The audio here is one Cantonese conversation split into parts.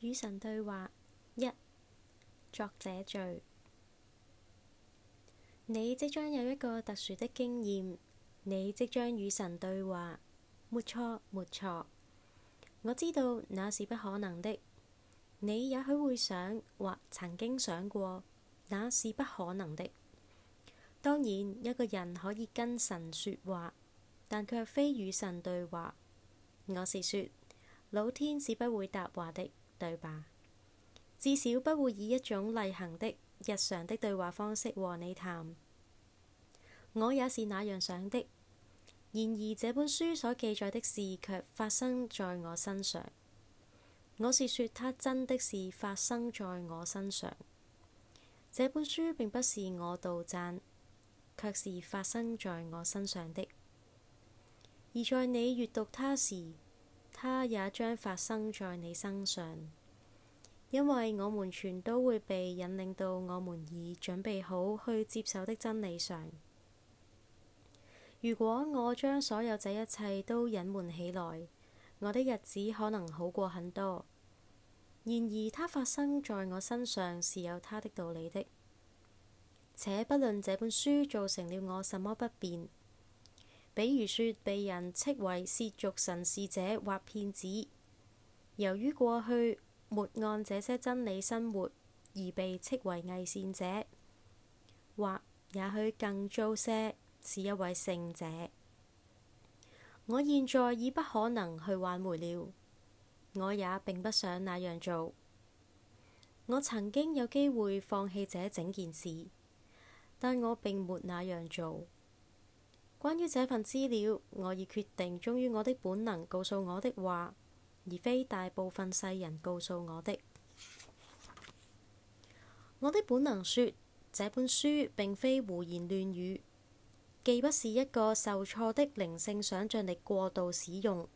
與神對話一作者序：你即將有一個特殊的經驗，你即將與神對話。沒錯，沒錯，我知道那是不可能的。你也許會想或曾經想過，那是不可能的。當然，一個人可以跟神說話，但卻非與神對話。我是說，老天是不會答話的。對吧？至少不會以一種例行的、日常的對話方式和你談。我也是那樣想的。然而這本書所記載的事卻發生在我身上。我是說，它真的是發生在我身上。這本書並不是我杜撰，卻是發生在我身上的。而在你閱讀它時，它也將發生在你身上，因為我們全都會被引領到我們已準備好去接受的真理上。如果我將所有這一切都隱瞞起來，我的日子可能好過很多。然而，它發生在我身上是有它的道理的，且不論這本書造成了我什麼不便。比如說，被人斥為世俗神事者或騙子，由於過去沒按這些真理生活，而被斥為偽善者，或也許更糟些，是一位聖者。我現在已不可能去挽回了，我也並不想那樣做。我曾經有機會放棄這整件事，但我並沒那樣做。關於這份資料，我已決定忠於我的本能，告訴我的話，而非大部分世人告訴我的。我的本能說，這本書並非胡言亂語，既不是一個受挫的靈性想像力過度使用，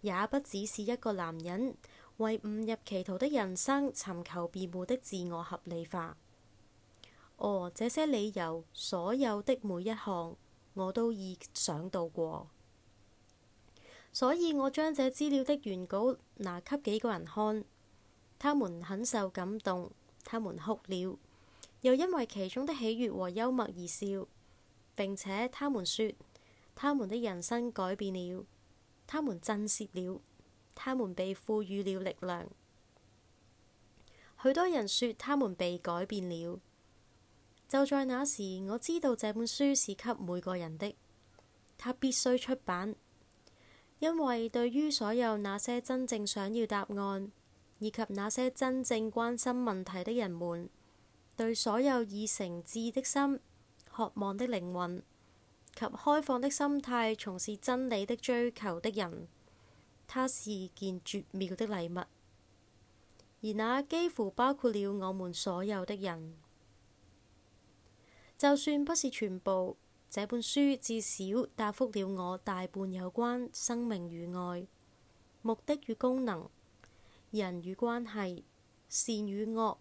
也不只是一個男人為誤入歧途的人生尋求辯護的自我合理化。哦，這些理由，所有的每一項。我都已想到過。所以我將這資料的原稿拿給幾個人看，他們很受感動，他們哭了，又因為其中的喜悅和幽默而笑。並且他們說，他們的人生改變了，他們震懾了，他們被賦予了力量。許多人說他們被改變了。就在那時，我知道這本書是給每個人的，它必須出版，因為對於所有那些真正想要答案，以及那些真正關心問題的人們，對所有以誠摯的心、渴望的靈魂及開放的心態從事真理的追求的人，它是件絕妙的禮物，而那幾乎包括了我們所有的人。就算不是全部，這本書至少答復了我大半有關生命與愛、目的與功能、人與關係、善與惡、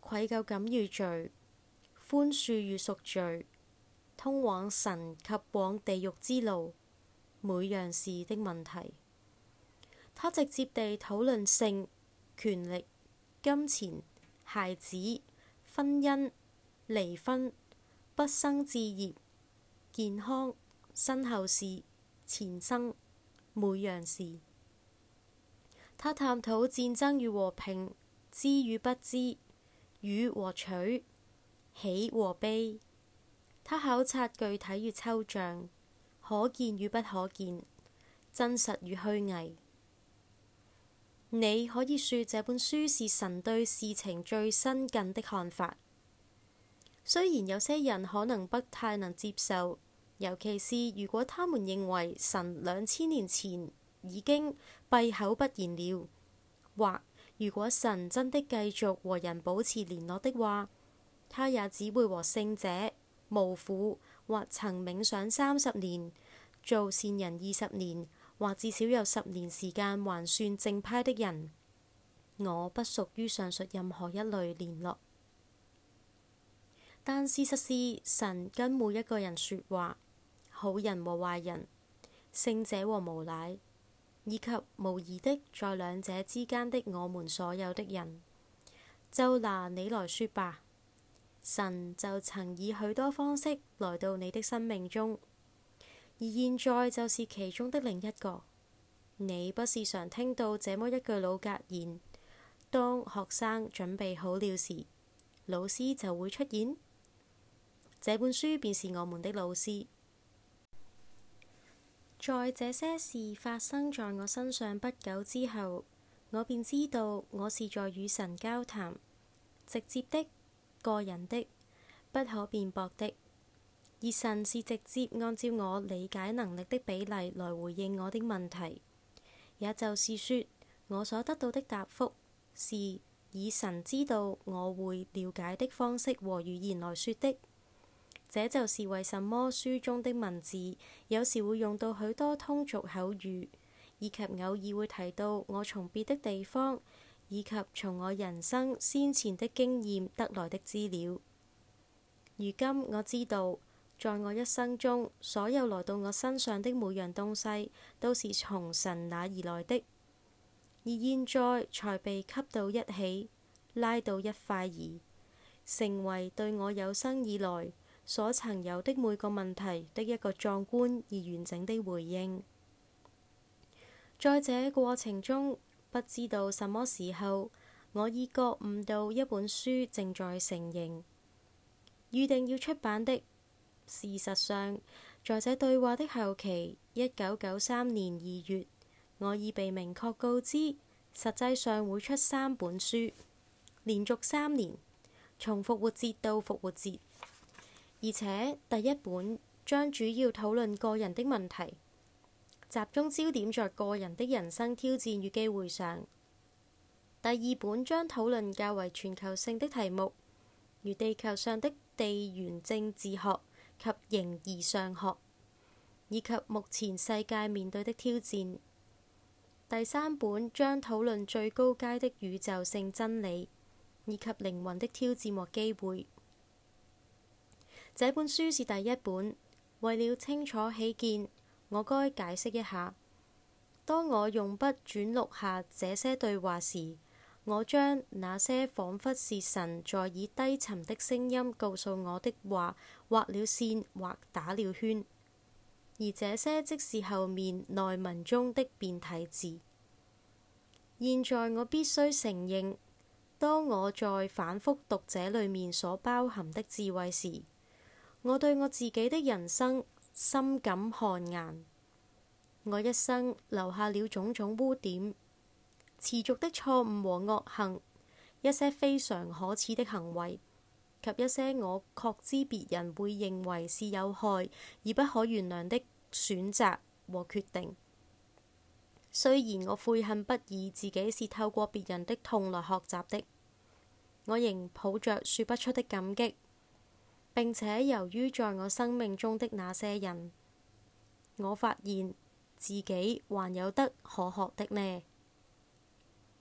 愧疚感與罪、寬恕與贖罪、通往神及往地獄之路每樣事的問題。他直接地討論性、權力、金錢、孩子、婚姻、離婚。不生置業，健康，身後事，前生，每樣事。他探討戰爭與和平，知與不知，與和取，喜和悲。他考察具體與抽象，可見與不可見，真實與虛偽。你可以説這本書是神對事情最新近的看法。雖然有些人可能不太能接受，尤其是如果他們認為神兩千年前已經閉口不言了，或如果神真的繼續和人保持聯絡的話，他也只會和聖者、無苦，或曾冥想三十年、做善人二十年或至少有十年時間還算正派的人。我不屬於上述任何一類聯絡。但事實是，神跟每一個人說話，好人和壞人，聖者和無賴，以及無疑的在兩者之間的我們所有的人。就拿你來說吧，神就曾以許多方式來到你的生命中，而現在就是其中的另一個。你不是常聽到這麼一句老格言：當學生準備好了時，老師就會出現。這本書便是我們的老師。在這些事發生在我身上不久之後，我便知道我是在與神交談，直接的、個人的、不可辯駁的。而神是直接按照我理解能力的比例來回應我的問題，也就是說，我所得到的答覆是以神知道我會了解的方式和語言來說的。這就是為什麼書中的文字有時會用到許多通俗口語，以及偶爾會提到我從別的地方以及從我人生先前的經驗得來的資料。如今我知道，在我一生中，所有來到我身上的每樣東西都是從神那而來的，而現在才被吸到一起，拉到一塊兒，成為對我有生以來。所曾有的每個問題的一個壯觀而完整的回應。在這過程中，不知道什麼時候，我已覺悟到一本書正在成形，預定要出版的。事實上，在這對話的後期，一九九三年二月，我已被明確告知，實際上會出三本書，連續三年，從復活節到復活節。而且第一本將主要討論個人的問題，集中焦點在個人的人生挑戰與機會上。第二本將討論較為全球性的題目，如地球上的地緣政治學及形而上學，以及目前世界面對的挑戰。第三本將討論最高階的宇宙性真理，以及靈魂的挑戰和機會。這本書是第一本。為了清楚起見，我該解釋一下：當我用筆轉錄下這些對話時，我將那些仿佛是神在以低沉的聲音告訴我的話畫了線或打了圈，而這些即是後面內文中的變體字。現在我必須承認，當我在反復讀這裏面所包含的智慧時，我對我自己的人生深感汗顏，我一生留下了種種污點、持續的錯誤和惡行，一些非常可恥的行為及一些我確知別人會認為是有害而不可原諒的選擇和決定。雖然我悔恨不已，自己是透過別人的痛來學習的，我仍抱着說不出的感激。並且由於在我生命中的那些人，我發現自己還有得可學的呢。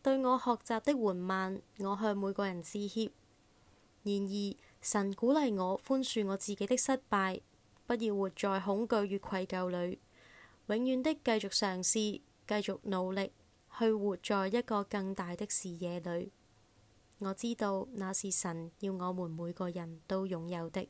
對我學習的緩慢，我向每個人致歉。然而，神鼓勵我寬恕我自己的失敗，不要活在恐懼與愧疚裡，永遠的繼續嘗試，繼續努力去活在一個更大的視野裡。我知道那是神要我們每個人都擁有的。